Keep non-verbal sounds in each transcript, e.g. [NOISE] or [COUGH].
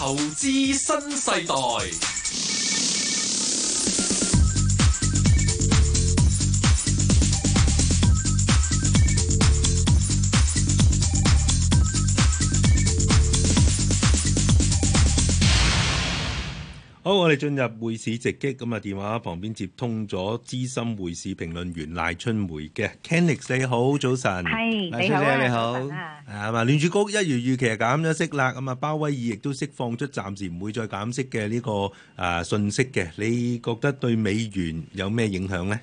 投資新世代。好，我哋進入匯市直擊。咁啊，電話旁邊接通咗資深匯市評論員賴春梅嘅。Kenix 你好，早晨。係，賴小姐你好。係嘛好，聯儲、啊啊、局一如預期減咗息啦。咁啊，鮑威爾亦都釋放出暫時唔會再減息嘅呢、呢個啊信息嘅。你覺得對美元有咩影響咧？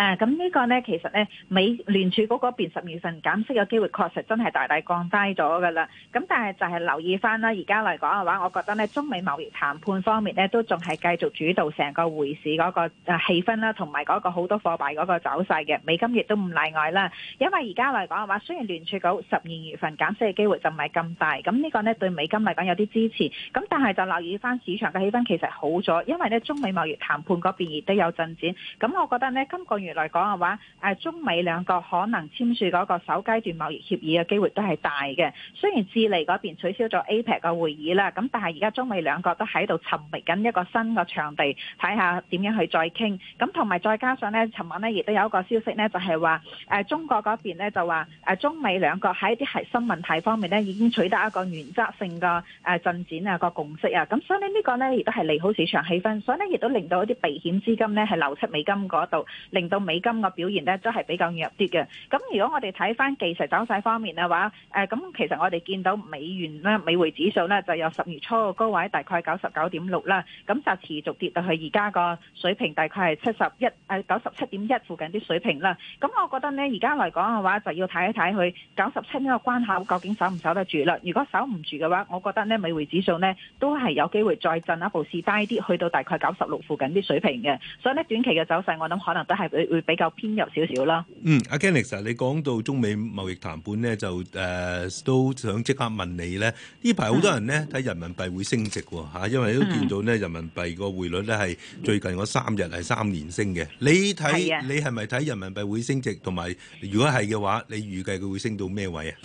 誒，咁呢個呢，其實呢，美聯儲嗰邊十二月份減息嘅機會，確實真係大大降低咗㗎啦。咁但係就係留意翻啦，而家嚟講嘅話，我覺得呢中美貿易談判方面呢，都仲係繼續主導成個匯市嗰個氣氛啦，同埋嗰個好多貨幣嗰個走勢嘅美金亦都唔例外啦。因為而家嚟講嘅話，雖然聯儲局十二月份減息嘅機會就唔係咁大，咁呢個呢對美金嚟講有啲支持。咁但係就留意翻市場嘅氣氛其實好咗，因為呢中美貿易談判嗰邊亦都有進展。咁我覺得呢今個月嚟講嘅話，誒中美兩國可能簽署嗰個首階段貿易協議嘅機會都係大嘅。雖然智利嗰邊取消咗 APEC 嘅會議啦，咁但係而家中美兩國都喺度尋覓緊一個新嘅場地，睇下點樣去再傾。咁同埋再加上呢，尋晚呢亦都有一個消息呢，就係話誒中國嗰邊咧就話誒中美兩國喺一啲新問題方面呢已經取得一個原則性嘅誒進展啊，個共識啊。咁所以呢呢個呢亦都係利好市場氣氛，所以呢，亦都令到一啲避險資金呢係流出美金嗰度，令到美金嘅表現呢，都係比較弱啲嘅。咁如果我哋睇翻技術走勢方面嘅話，誒，咁其實我哋見到美元咧，美匯指數呢，就由十月初嘅高位大概九十九點六啦，咁就持續跌到去而家個水平，大概係七十一誒九十七點一附近啲水平啦。咁我覺得呢，而家嚟講嘅話，就要睇一睇佢九十七呢個關口究竟守唔守得住啦。如果守唔住嘅話，我覺得呢，美匯指數呢，都係有機會再進一步試低啲，去到大概九十六附近啲水平嘅。所以呢，短期嘅走勢，我諗可能都係。會比較偏弱少少啦。嗯，阿 Kenny，你講到中美貿易談判咧，就誒、呃、都想即刻問你咧。呢排好多人咧睇 [LAUGHS] 人民幣會升值喎，因為都見到咧人民幣個匯率咧係最近嗰三日係三連升嘅。你睇你係咪睇人民幣會升值？同埋的如果係嘅話，你預計佢會升到咩位啊？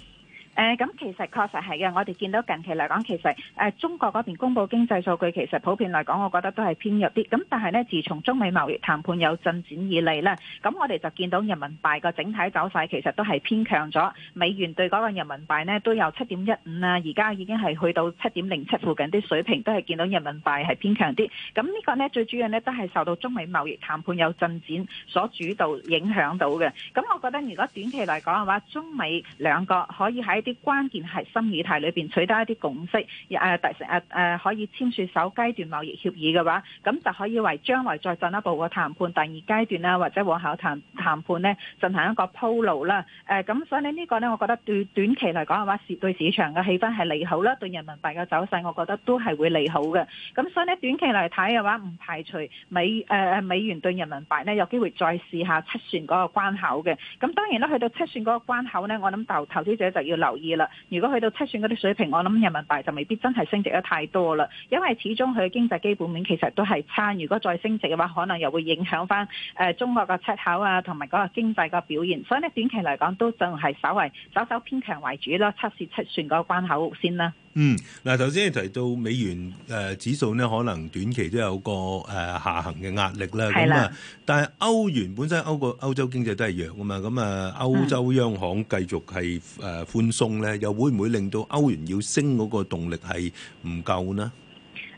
誒咁、呃、其實確實係嘅，我哋見到近期嚟講，其實、呃、中國嗰邊公布經濟數據，其實普遍嚟講，我覺得都係偏弱啲。咁但係呢，自從中美貿易談判有進展以嚟呢，咁我哋就見到人民幣個整體走勢其實都係偏強咗，美元對嗰個人民幣呢，都有七點一五啦，而家已經係去到七點零七附近啲水平，都係見到人民幣係偏強啲。咁呢個呢，最主要呢，都係受到中美貿易談判有進展所主導影響到嘅。咁我覺得如果短期嚟講嘅話，中美兩個可以喺啲關鍵係核心議題裏邊取得一啲共識，誒第成日可以簽署首階段貿易協議嘅話，咁就可以為將來再進一步嘅談判第二階段啦，或者往後談談判呢進行一個鋪路啦。誒、啊、咁所以呢，呢個呢我覺得短短期嚟講嘅話，是對市場嘅氣氛係利好啦，對人民幣嘅走勢，我覺得都係會利好嘅。咁所以呢，短期嚟睇嘅話，唔排除美誒、啊、美元對人民幣呢有機會再試下七算嗰個關口嘅。咁當然啦，去到七算嗰個關口呢，我諗投投資者就要留意啦，如果去到七算嗰啲水平，我諗人民幣就未必真係升值得太多啦，因為始終佢經濟基本面其實都係差，如果再升值嘅話，可能又會影響返誒中國個出口啊，同埋嗰個經濟個表現，所以呢，短期嚟講都仲係稍為稍稍偏強為主咯，測試七算嗰個關口先啦。嗯，嗱，頭先你提到美元、呃、指數咧，可能短期都有個、呃、下行嘅壓力啦。係啦。咁啊，但係歐元本身歐國歐洲經濟都係弱㗎嘛，咁啊歐洲央行繼續係誒、呃、寬鬆咧，又會唔會令到歐元要升嗰個動力係唔夠呢？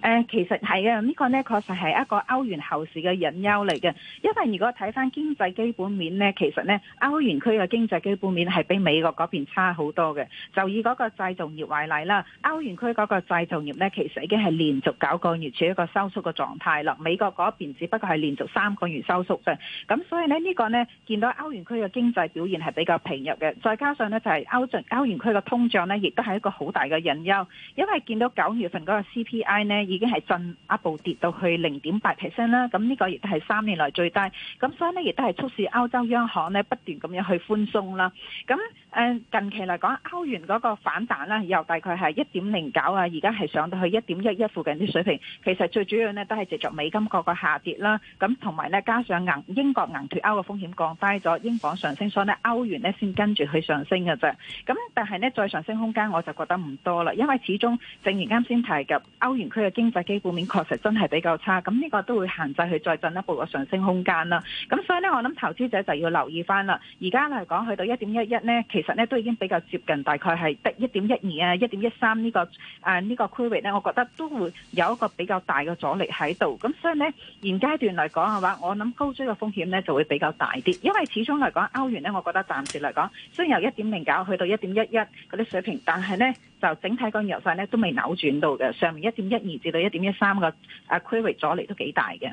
呃、其實係嘅，這個、呢個咧確實係一個歐元後市嘅隱憂嚟嘅。因為如果睇返經濟基本面呢，其實呢，歐元區嘅經濟基本面係比美國嗰邊差好多嘅。就以嗰個製造業為例啦，歐元區嗰個製造業呢，其實已經係連續九個月處喺一個收縮嘅狀態啦。美國嗰邊只不過係連續三個月收縮啫。咁所以呢，呢、這個呢，見到歐元區嘅經濟表現係比較平弱嘅，再加上呢，就係、歐、歐元區嘅通脹呢，亦都係一個好大嘅隱憂。因為見到九月份嗰個 CPI 呢。已經係進一步跌到去零點八 percent 啦，咁呢個亦都係三年來最低，咁所以呢，亦都係促使歐洲央行呢，不斷咁樣去寬鬆啦。咁誒近期嚟講，歐元嗰個反彈啦，由大概係一點零九啊，而家係上到去一點一一附近啲水平。其實最主要呢，都係藉助美金嗰個下跌啦，咁同埋呢，加上英國銀英國硬脫歐嘅風險降低咗，英鎊上升，所以呢，歐元呢先跟住去上升嘅啫。咁但係呢，再上升空間我就覺得唔多啦，因為始終正如啱先提及歐元區嘅。經濟基本面確實真係比較差，咁呢個都會限制佢再進一步個上升空間啦。咁所以呢，我諗投資者就要留意翻啦。而家嚟講，去到一點一一呢，其實呢都已經比較接近，大概係得一點一二啊、一點一三呢個誒呢個區域呢，我覺得都會有一個比較大嘅阻力喺度。咁所以呢，現階段嚟講嘅話，我諗高追嘅風險呢就會比較大啲，因為始終嚟講歐元呢，我覺得暫時嚟講，雖然由一點零九去到一點一一嗰啲水平，但係呢。就整體個油勢咧都未扭轉到嘅，上面一點一二至到一點一三個啊區域阻力都幾大嘅。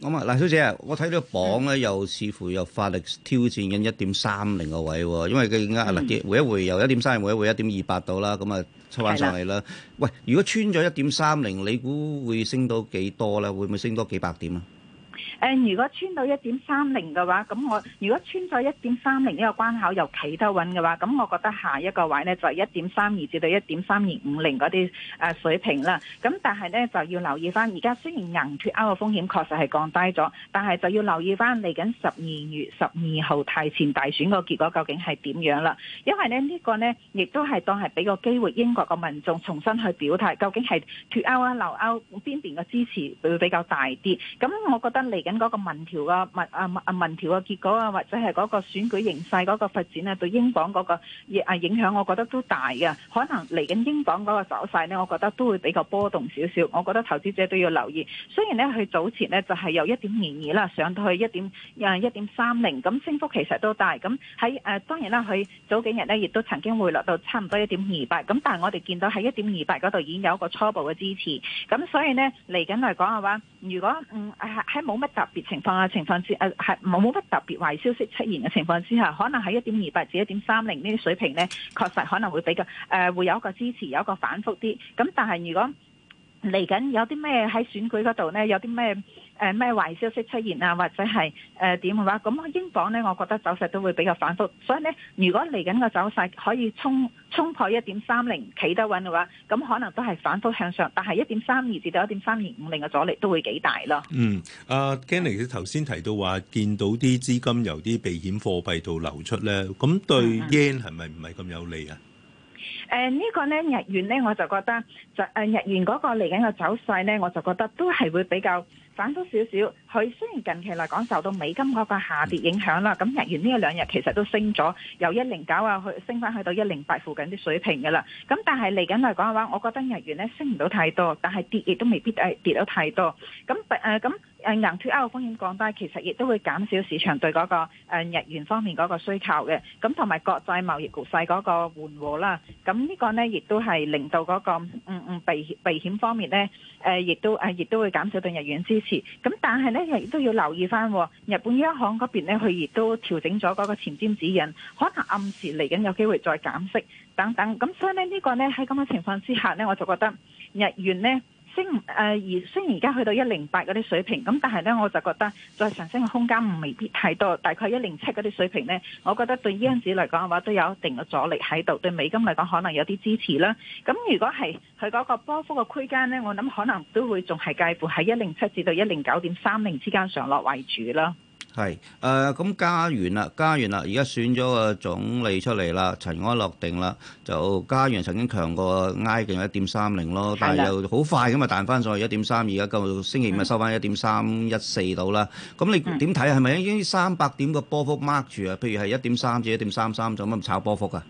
咁啊，賴小姐啊，我睇到鎊咧又似乎又發力挑戰緊一點三零個位喎，因為佢啊嗱，回一回由一點三二回一回一點二八度啦，咁啊抽翻上嚟啦。喂，如果穿咗一點三零，你估會升到幾多咧？會唔會升多幾百點啊？誒，如果穿到一點三零嘅話，咁我如果穿咗一點三零呢個關口又企得穩嘅話，咁我覺得下一個位呢就係一點三二至到一點三二五零嗰啲誒水平啦。咁但係呢，就要留意翻，而家雖然硬脱歐嘅風險確實係降低咗，但係就要留意翻嚟緊十二月十二號提前大選個結果究竟係點樣啦？因為呢呢個呢，亦都係當係俾個機會英國個民眾重新去表態，究竟係脱歐啊留歐邊邊嘅支持會比較大啲？咁我覺得嚟緊嗰個民調嘅民啊啊民調嘅結果啊，或者係嗰個選舉形勢嗰個發展啊，對英鎊嗰個影響，我覺得都大嘅。可能嚟緊英鎊嗰個走勢呢，我覺得都會比較波動少少。我覺得投資者都要留意。雖然呢，佢早前呢就係由一點二二啦上到去一點一點三零，咁升幅其實都大。咁喺誒當然啦，佢早幾日呢亦都曾經回落到差唔多一點二八。咁但係我哋見到喺一點二八嗰度已經有一個初步嘅支持。咁所以呢，嚟緊嚟講嘅話，如果嗯喺冇乜特別情況情況之誒係冇冇乜特別壞消息出現嘅情況之下，可能喺一點二八至一點三零呢啲水平呢，確實可能會比較誒、呃，會有一個支持，有一個反覆啲。咁但係如果，嚟緊有啲咩喺選舉嗰度呢？有啲咩誒咩壞消息出現啊？或者係誒點嘅話，咁英鎊呢，我覺得走勢都會比較反覆。所以呢，如果嚟緊個走勢可以衝衝破一點三零企得穩嘅話，咁可能都係反覆向上。但係一點三二至到一點三二五零嘅阻力都會幾大咯。嗯，阿 Kenny 頭先提到話見到啲資金由啲避險貨幣度流出呢，咁對 yen 係咪唔係咁有利啊？誒，呃這個、呢個咧日元咧，我就覺得就誒日元嗰個嚟緊嘅走勢咧，我就覺得都係會比較反覆少少。佢雖然近期嚟講受到美金嗰個下跌影響啦，咁日元呢兩日其實都升咗，由一零九啊去升翻去到一零八附近啲水平噶啦。咁但係嚟緊嚟講嘅話，我覺得日元咧升唔到太多，但係跌亦都未必誒跌到太多。咁誒咁。呃誒硬脱歐風險降低，其實亦都會減少市場對嗰、嗰個、啊、日元方面嗰個需求嘅，咁同埋國際貿易局勢嗰個緩和啦，咁呢個呢，亦都係令到嗰、嗰個嗯嗯避避險方面呢，誒、啊、亦都誒亦、啊、都會減少對日元支持。咁、啊、但係呢，亦都要留意返、啊、日本央行嗰邊呢，佢亦都調整咗嗰個前瞻指引，可能暗示嚟緊有機會再減息等等。咁、啊、所以呢，呢、呢個呢，喺咁嘅情況之下呢，我就覺得日元呢。雖誒而雖然而家去到一零八嗰啲水平，咁但係咧，我就覺得再上升嘅空間未必太多。大概一零七嗰啲水平咧，我覺得對呢子嚟講嘅話都有一定嘅阻力喺度。對美金嚟講，可能有啲支持啦。咁如果係佢嗰個波幅嘅區間咧，我諗可能都會仲係介乎喺一零七至到一零九點三零之間上落為主啦。係，誒咁加完啦，加完啦，而家選咗個總理出嚟啦，塵埃落定啦，就加完曾經強過挨近一點三零咯，但係又好快咁啊彈翻上去一點三，而家今日星期五咪收翻一點三一四到啦。咁你點睇啊？係咪已經三百點嘅波幅 mark 住啊？譬如係一點三至一點三三，做乜唔炒波幅㗎？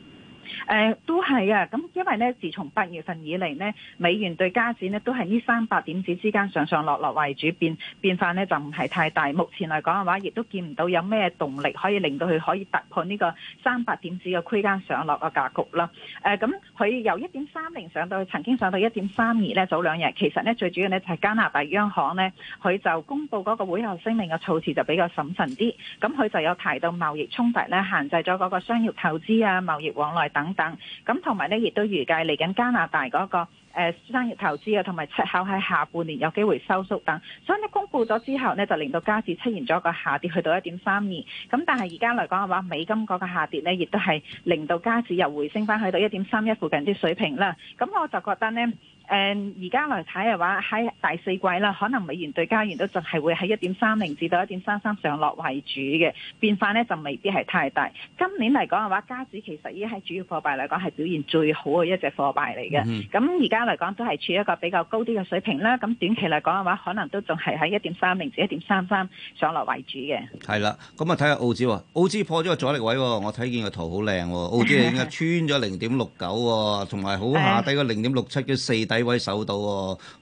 誒、嗯、都係啊！咁因為咧，自從八月份以嚟呢，美元對加元呢都係呢三百點子之間上上落落為主，變變化呢就唔係太大。目前嚟講嘅話，亦都見唔到有咩動力可以令到佢可以突破呢個三百點子嘅區間上落嘅格局啦。咁、嗯，佢、嗯、由一點三零上到去，曾經上到一點三二呢，早兩日。其實呢，最主要呢就係、是、加拿大央行呢，佢就公布嗰個會後聲明嘅措辭就比較審慎啲。咁、嗯、佢就有提到貿易衝突呢，限制咗嗰個商業投資啊、貿易往來。等等，咁同埋咧，亦都預計嚟緊加拿大嗰個、呃、商業投資啊，同埋出口喺下半年有機會收縮等，所以呢，公佈咗之後呢，就令到加指出現咗個下跌，去到一點三二。咁但係而家嚟講嘅話，美金嗰個下跌呢，亦都係令到加指又回升返去到一點三一附近啲水平啦。咁我就覺得呢。誒而家來睇嘅話，喺第四季啦，可能美元對加元都仲係會喺一點三零至到一點三三上落為主嘅變化呢，就未必係太大。今年嚟講嘅話，加紙其實已經喺主要貨幣嚟講係表現最好嘅一隻貨幣嚟嘅。咁而家嚟講都係處於一個比較高啲嘅水平啦。咁短期嚟講嘅話，可能都仲係喺一點三零至一點三三上落為主嘅。係啦，咁啊，睇下澳紙喎，澳紙破咗個阻力位喎，我睇見個圖好靚喎，澳紙已經穿咗零點六九喎，同埋好下跌個零點六七嘅四底 [LAUGHS] 幾位守到喎，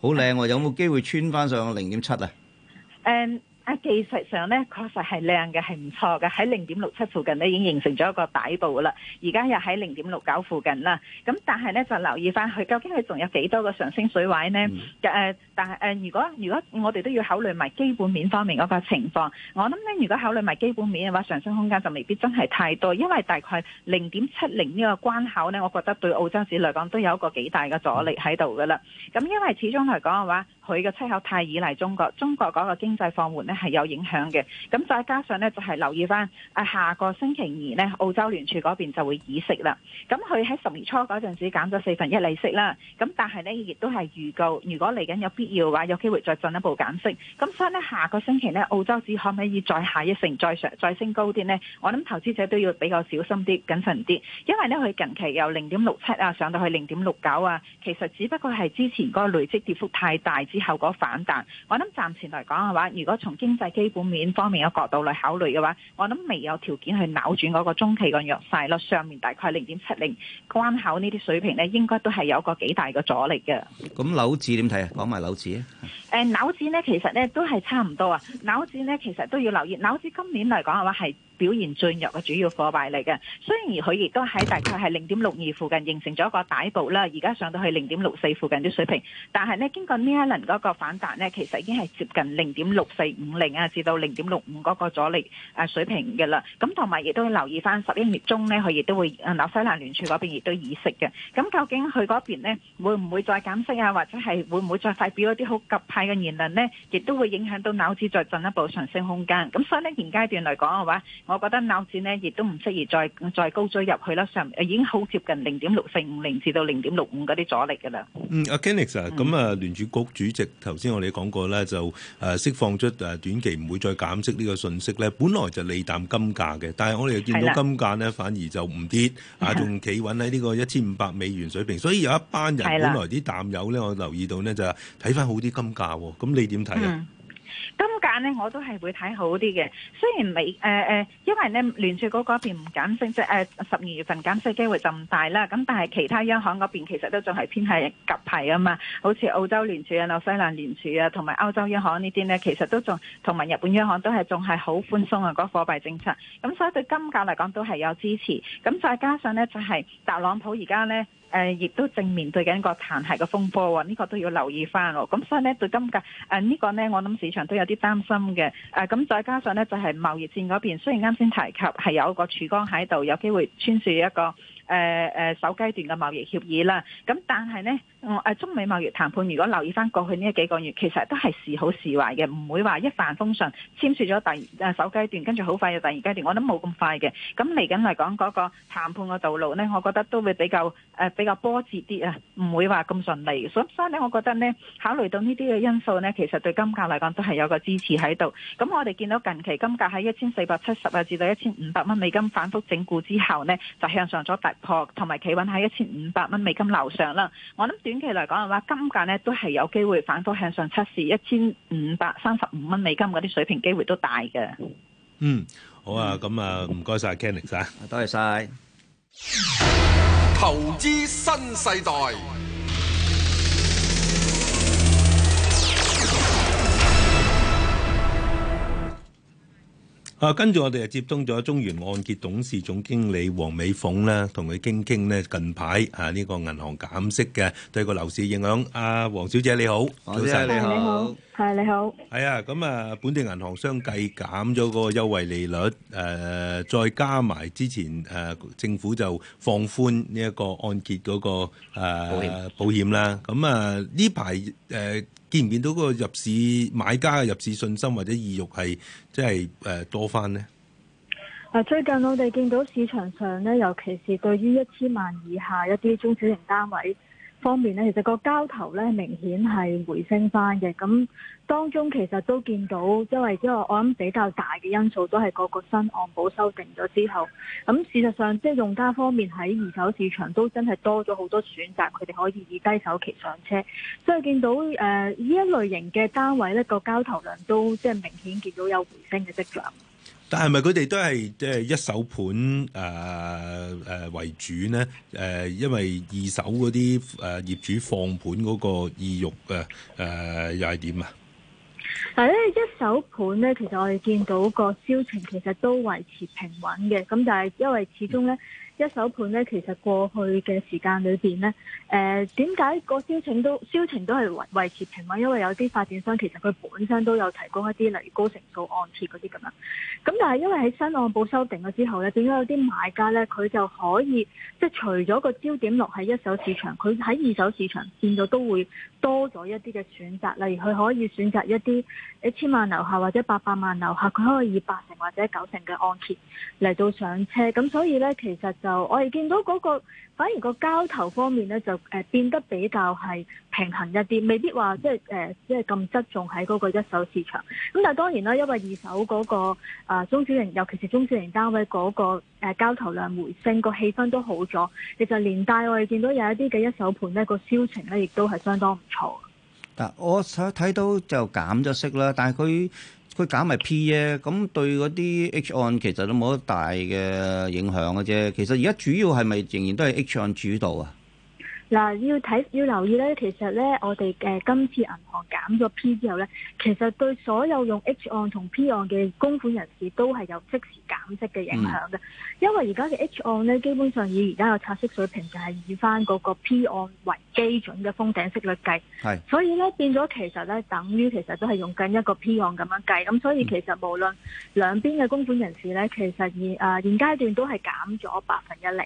好靚喎，有冇機會穿翻上零點七啊？啊，技術上咧確實係靚嘅，係唔錯嘅，喺零點六七附近咧已經形成咗一個底部啦。而家又喺零點六九附近啦。咁、嗯、但係咧就留意返佢，究竟佢仲有幾多個上升水位呢？嗯呃、但係、呃、如果如果我哋都要考慮埋基本面方面嗰個情況，我諗咧如果考慮埋基本面嘅話，上升空間就未必真係太多，因為大概零點七零呢個關口呢，我覺得對澳洲紙嚟講都有一個幾大嘅阻力喺度㗎啦。咁、嗯嗯、因為始終嚟講嘅話，佢嘅出口太依賴中國，中國嗰個經濟放緩呢係有影響嘅，咁再加上呢，就係、是、留意翻，下個星期二呢澳洲聯儲嗰邊就會議息啦。咁佢喺十月初嗰陣時減咗四分一利息啦，咁但係呢，亦都係預告，如果嚟緊有必要嘅話，有機會再進一步減息。咁所以呢，下個星期呢澳洲紙可唔可以再下一城，再上再升高啲呢？我諗投資者都要比較小心啲，、謹慎啲，因為呢，佢近期由零點六七啊，上到去零點六九啊，其實只不過係之前個累積跌幅太大之後嗰個反彈。我諗暫時嚟講嘅話，如果從經濟基本面方面嘅角度嚟考慮嘅話，我諗未有條件去扭轉嗰個中期個弱勢咯。上面大概零點七零關口呢啲水平咧，應該都係有一個幾大嘅阻力嘅。咁紐紙點睇啊？講埋紐紙啊？誒，紐紙咧其實咧都係差唔多啊。紐紙咧其實都要留意，紐紙今年嚟講嘅話係。表現最弱嘅主要貨幣嚟嘅，雖然佢亦都喺大概係零點六二附近形成咗一個底部啦，而家上到去零點六四附近啲水平，但係呢，經過呢一輪嗰個反彈呢，其實已經係接近零點六四五零啊，至到零點六五嗰個阻力誒、啊、水平嘅啦。咁同埋亦都要留意翻十一月中呢，佢亦都會紐西蘭聯儲嗰邊亦都議息嘅。咁究竟佢嗰邊咧會唔會再減息啊？或者係會唔會再發表一啲好急派嘅言論呢？亦都會影響到紐紙再進一步上升空間。咁所以呢，現階段嚟講嘅話，我覺得鬧市咧，亦都唔適宜再再高追入去啦，上已經好接近零點六四五零至到零點六五嗰啲阻力噶啦。嗯，阿 Kenix 啊，咁啊聯儲局主席頭先我哋講過咧，就誒釋放出誒短期唔會再減息呢個信息咧，本來就利淡金價嘅，但係我哋見到金價咧反而就唔跌，啊仲企穩喺呢個一千五百美元水平，所以有一班人本來啲淡友咧，我留意到咧就係睇翻好啲金價，咁你點睇啊？金價呢，我都係會睇好啲嘅，雖然未誒誒，因為咧聯儲局嗰邊唔減息，即係誒十二月份減息機會就唔大啦，咁但係其他央行嗰邊其實都仲係偏係鴿派啊嘛，好似澳洲聯儲啊、紐西蘭聯儲啊、同埋歐洲央行呢啲呢，其實都仲同埋日本央行都係仲係好寬鬆啊個貨幣政策，咁所以對金價嚟講都係有支持，咁再加上呢，就係、是、特朗普而家呢。誒，亦、呃、都正面對緊個彈劾嘅風波喎、哦，呢、這個都要留意翻咯、哦。咁所以呢，對今屆誒呢個呢，我諗市場都有啲擔心嘅。誒、呃，咁再加上呢，就係、是、貿易戰嗰邊，雖然啱先提及係有一個曙光喺度，有機會穿鑿一個。誒誒、呃、首階段嘅貿易協議啦，咁但係呢，中美貿易談判如果留意翻過去呢幾個月，其實都係時好時壞嘅，唔會話一帆風順。簽署咗第誒首階段，跟住好快就第二階段，我諗冇咁快嘅。咁嚟緊嚟講嗰個談判嘅道路呢，我覺得都會比較誒、呃、比較波折啲啊，唔會話咁順利。所所以呢，我覺得呢考慮到呢啲嘅因素呢，其實對金價嚟講都係有個支持喺度。咁我哋見到近期金價喺一千四百七十啊至到一千五百蚊美金反覆整固之後呢，就向上咗破同埋企穩喺一千五百蚊美金樓上啦，我諗短期嚟講嘅話，金價咧都係有機會反覆向上測試一千五百三十五蚊美金嗰啲水平，機會都大嘅。嗯，好啊，咁啊，唔該晒，Kenneth，多謝晒。投資新世代。跟住我哋就接通咗中原按揭董事總經理王美鳳咧，同佢傾傾咧近排啊呢個銀行減息嘅對個樓市影響啊，王小姐你好，王小姐解你好。係你好。係啊，咁啊，本地銀行相繼減咗個優惠利率，呃、再加埋之前、呃、政府就放寬呢一個按揭嗰個、呃、保險，保險啦。咁啊，呢排誒見唔見到個入市買家嘅入市信心或者意欲係即係多翻呢？啊，最近我哋見到市場上咧，尤其是對於一千萬以下一啲中小型單位。方面咧，其實個交投咧，明顯係回升翻嘅。咁當中其實都見到，即係即係我諗比較大嘅因素都係個個新按保修訂咗之後，咁事實上即係用家方面喺二手市場都真係多咗好多選擇，佢哋可以以低首期上車，所以見到誒呢、呃、一類型嘅單位咧、個交投量都即係、就是、明顯見到有回升嘅跡象。但係咪佢哋都係即係一手盤誒誒、呃呃、為主呢？誒、呃、因為二手嗰啲誒業主放盤嗰個意欲嘅誒、呃、又係點啊？係咧，一手盤呢，其實我哋見到個銷情其實都維持平穩嘅，咁但係因為始終呢。嗯一手盤咧，其實過去嘅時間裏面咧，誒點解個銷情都銷情都係維維持平穩？因為有啲發展商其實佢本身都有提供一啲例如高成數按揭嗰啲咁樣。咁但係因為喺新按保修訂咗之後咧，點解有啲買家咧佢就可以即係除咗個焦點落喺一手市場，佢喺二手市場見到都會多咗一啲嘅選擇，例如佢可以選擇一啲一千萬樓下或者八百萬樓下，佢可以以八成或者九成嘅按揭嚟到上車。咁所以咧，其實就我哋見到嗰、那個，反而個交投方面咧就誒變得比較係平衡一啲，未必話即係誒、呃、即係咁側重喺嗰個一手市場。咁但係當然啦，因為二手嗰、那個、呃、中小型，尤其是中小型單位嗰、那個、呃、交投量回升，個氣氛都好咗。其實連帶我哋見到有一啲嘅一手盤咧，那個銷情咧亦都係相當唔錯。嗱，我想睇到就減咗息啦，但係佢。佢減埋 P 啊，咁對嗰啲 H 按其實都冇乜大嘅影響嘅啫。其實而家主要係咪仍然都係 H 按主導啊？嗱，要睇要留意咧，其實咧，我哋誒、呃、今次銀行減咗 P 之後咧，其實對所有用 H 按同 P 按嘅供款人士都係有即時減息嘅影響嘅，嗯、因為而家嘅 H 按咧，基本上以而家嘅拆息水平就係以翻嗰個 P 按為基準嘅封頂息率計，是所以咧變咗其實咧，等於其實都係用緊一個 P 按咁樣計，咁所以其實無論兩邊嘅供款人士咧，其實現誒、呃、現階段都係減咗百分一厘。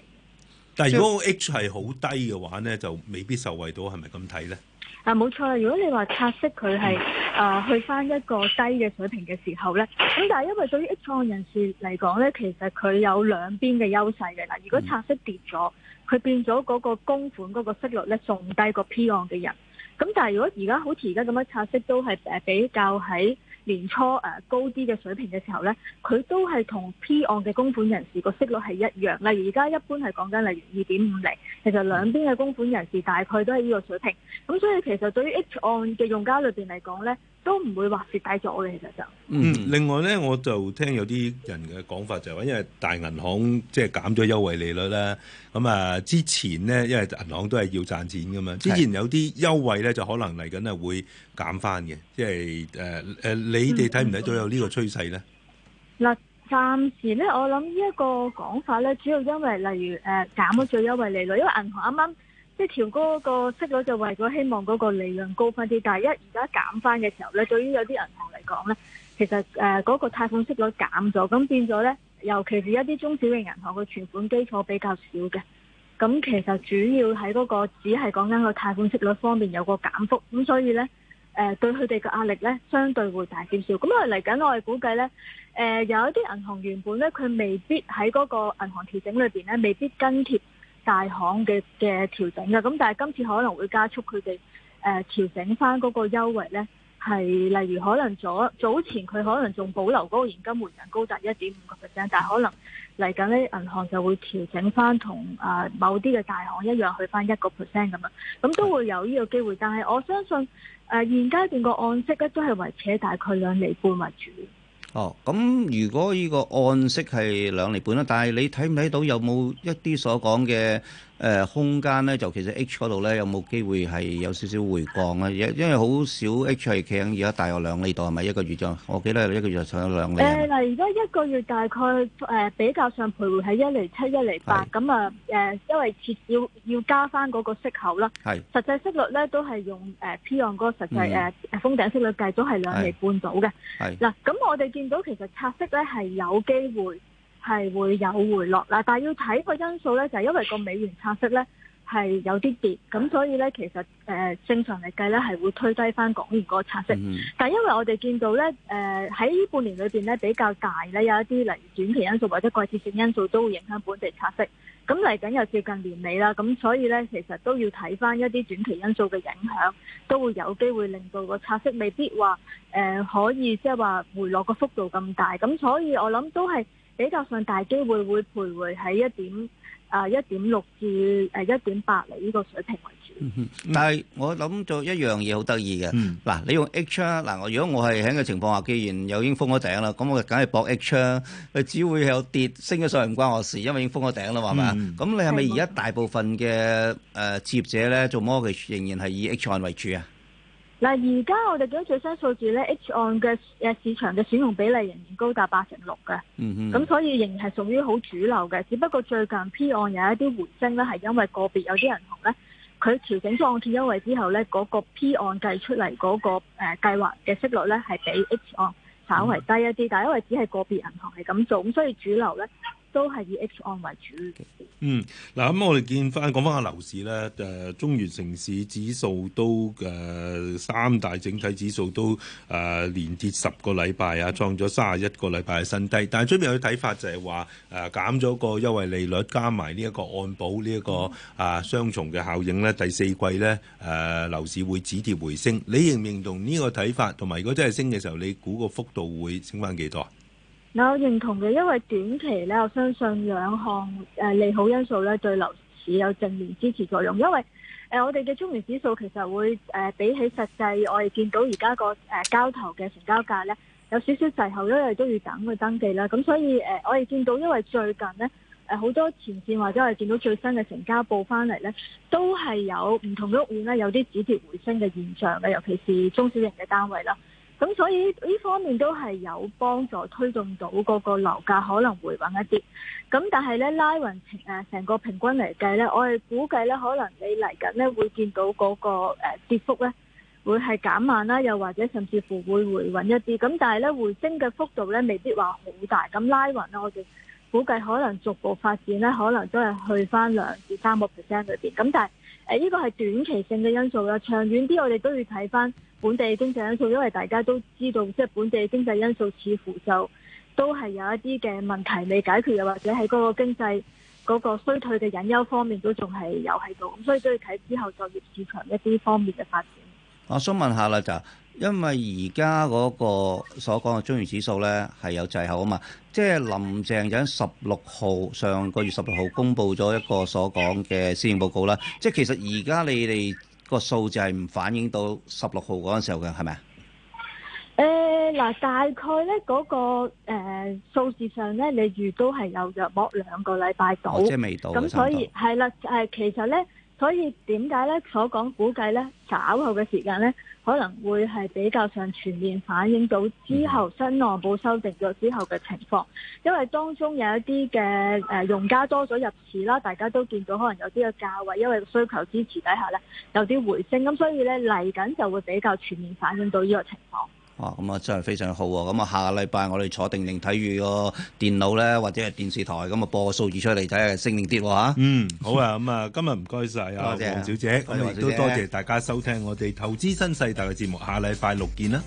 但係如果 H 係好低嘅話咧，就未必受惠到，係咪咁睇咧？啊，冇錯。如果你話拆息佢係啊去返一個低嘅水平嘅時候咧，咁但係因為對於 H 按人士嚟講咧，其實佢有兩邊嘅優勢嘅啦。如果拆息跌咗，佢變咗嗰個供款嗰個息率咧，仲低過 P 按嘅人。咁但係如果而家好似而家咁樣拆息都係誒比較喺。年初誒高啲嘅水平嘅時候呢，佢都係同 P 案嘅供款人士個息率係一樣，例如而家一般係講緊例如二點五零，其實兩邊嘅供款人士大概都係呢個水平。咁所以其實對於 H 案嘅用家裏邊嚟講呢。都唔會話跌低咗嘅，其實就嗯，另外咧，我就聽有啲人嘅講法就係話，嗯，因為大銀行即係減咗優惠利率啦。咁啊，之前咧，因為銀行都係要賺錢噶嘛，是之前有啲優惠咧，就可能嚟緊啊會減翻嘅，即係誒誒，你哋睇唔睇到有這個趨勢呢個趨勢咧？嗱，嗯，暫，嗯呃、時咧，我諗呢一個講法咧，主要因為例如誒減咗最優惠利率，因為銀行啱啱。即係調高個息率就為咗希望嗰個利潤高翻啲，但係一而家減翻嘅時候咧，對於有啲銀行嚟講咧，其實誒嗰個貸款息率減咗，咁變咗咧，尤其是一啲中小型銀行嘅存款基礎比較少嘅，咁其實主要喺嗰個只係講緊個貸款息率方面有個減幅，咁所以咧，誒對佢哋嘅壓力咧，相對會大少少。咁啊嚟緊，我哋估計咧，誒有一啲銀行原本咧，佢未必喺嗰個銀行調整裏邊咧，未必跟貼。大行嘅嘅調整嘅，咁但係今次可能會加速佢哋誒調整翻嗰個優惠咧，係例如可能早早前佢可能仲保留嗰個現金回贈高達一點五個 percent，但係可能嚟緊咧銀行就會調整翻同啊某啲嘅大行一樣去翻一個 percent 咁樣，咁都會有呢個機會。但係我相信誒、呃、現階段個按息咧都係維持喺大概兩厘半為主。哦，咁如果呢個按息係兩厘半啦，但係你睇唔睇到有冇一啲所講嘅？誒空間咧就其實 H 嗰度咧有冇機會係有少少回降啊？因為好少 H 係企喺而家大約兩釐度係咪一個月就？我記得一個月上咗兩釐。誒嗱，而家一個月大概誒比較上徘徊喺一釐七、一釐八咁啊誒，因為至少要加翻嗰個息口啦。係。實際息率咧都係用誒 P 按嗰個實際誒封頂息率計咗係兩釐半到嘅。係。嗱，咁我哋見到其實拆息咧係有機會。係會有回落嗱，但係要睇個因素咧，就係、是、因為個美元差息咧係有啲跌，咁所以咧其實誒、呃、正常嚟計咧係會推低翻港元嗰個差息。Mm hmm. 但因為我哋見到咧誒喺半年裏邊咧比較大咧有一啲嚟短期因素或者季節性因素都會影響本地差息。咁嚟緊又接近年尾啦，咁所以咧其實都要睇翻一啲短期因素嘅影響，都會有機會令到個差息未必話誒、呃、可以即係話回落個幅度咁大。咁所以我諗都係。比較上大機會會徘徊喺一點啊一點六至誒一點八厘呢個水平為主。嗯嗯，但係我諗做一樣嘢好得意嘅，嗱你用 H 啊，嗱我如果我係喺個情況下，既然又已經封咗頂啦，咁我就梗係搏 H 啊，佢只會有跌，升咗上唔關我事，因為已經封咗頂啦，係咪啊？咁你係咪而家大部分嘅誒置業者咧做 mortgage 仍然係以 H 為主啊？嗱，而家我哋講最新數字咧，H 按嘅市場嘅使用比例仍然高達八成六嘅、mm，咁、hmm. 所以仍然係屬於好主流嘅。只不過最近 P 按有一啲回升咧，係因為個別有啲銀行咧，佢調整咗按揭優惠之後咧，嗰、那個 P 按計出嚟嗰個計計劃嘅息率咧，係比 H 按稍為低一啲，mm hmm. 但係因為只係個別銀行係咁做，咁所以主流咧，都係以 H 按為主嘅。嗯，嗱咁我哋見翻講翻下樓市咧，誒、啊，中原城市指數都誒、啊、三大整體指數都誒、啊、連跌十個禮拜啊，創咗卅一個禮拜嘅新低。但係最近有啲睇法就係話誒減咗個優惠利率，加埋呢一個按保呢、呢、一個啊雙重嘅效應咧，第四季咧誒樓市會止跌回升。你認唔認同呢個睇法？同埋，如果真係升嘅時候，你估個幅度會升翻幾多？我認同嘅，因為短期咧，我相信兩項誒利好因素咧，對樓市有正面支持作用。因為誒，我哋嘅中原指數其實會誒比起實際，我哋見到而家個誒交投嘅成交價咧，有少少滯後，因為都要等佢登記啦。咁所以誒，我哋見到因為最近咧誒好多前線或者我哋見到最新嘅成交報翻嚟咧，都係有唔同嘅屋苑咧有啲止跌回升嘅現象嘅，尤其是中小型嘅單位啦。咁所以呢方面都係有幫助推動到嗰個樓價可能回穩一啲，咁但係咧拉勻成誒成個平均嚟計咧，我哋估計咧可能你嚟緊咧會見到嗰個誒跌幅咧會係減慢啦，又或者甚至乎會回穩一啲，咁但係咧回升嘅幅度咧未必話好大，咁拉勻咧我哋估計可能逐步發展咧，可能都係去返兩至三個 percent 裏面，咁但誒呢個係短期性嘅因素啦，長遠啲我哋都要睇翻本地經濟因素，因為大家都知道，即係本地經濟因素似乎就都係有一啲嘅問題未解決，又或者喺嗰個經濟嗰個衰退嘅隱憂方面都仲係有喺度，咁所以都要睇之後就業市場一啲方面嘅發展。我想問下啦就。因為而家嗰個所講嘅中原指數咧係有滯後啊嘛，即係林鄭喺十六號上個月十六號公布咗一個所講嘅施政報告啦，即係其實而家你哋個數字係唔反映到十六號嗰陣時候嘅係咪啊？誒嗱、呃呃，大概咧嗰、嗰個誒數、呃、字上咧，你預都係有約莫兩個禮拜到，即係未到咁，所以係啦，誒、呃、其實咧。所以點解咧？所講估計咧，稍後嘅時間咧，可能會係比較上全面反映到之後新按保修訂咗之後嘅情況，因為當中有一啲嘅誒用家多咗入市啦，大家都見到可能有啲嘅價位，因為需求支持底下咧有啲回升，咁所以咧嚟緊就會比較全面反映到呢個情況。哇！咁啊，真係非常好喎！咁啊，下個禮拜我哋坐定定睇住個電腦咧，或者係電視台咁啊，播個數字出嚟睇下，升定跌喎吓，啊、嗯，好啊！咁謝啊，今日唔該晒啊，王小姐，我亦都多謝大家收聽我哋投資新世代嘅節目，下禮拜六見啦。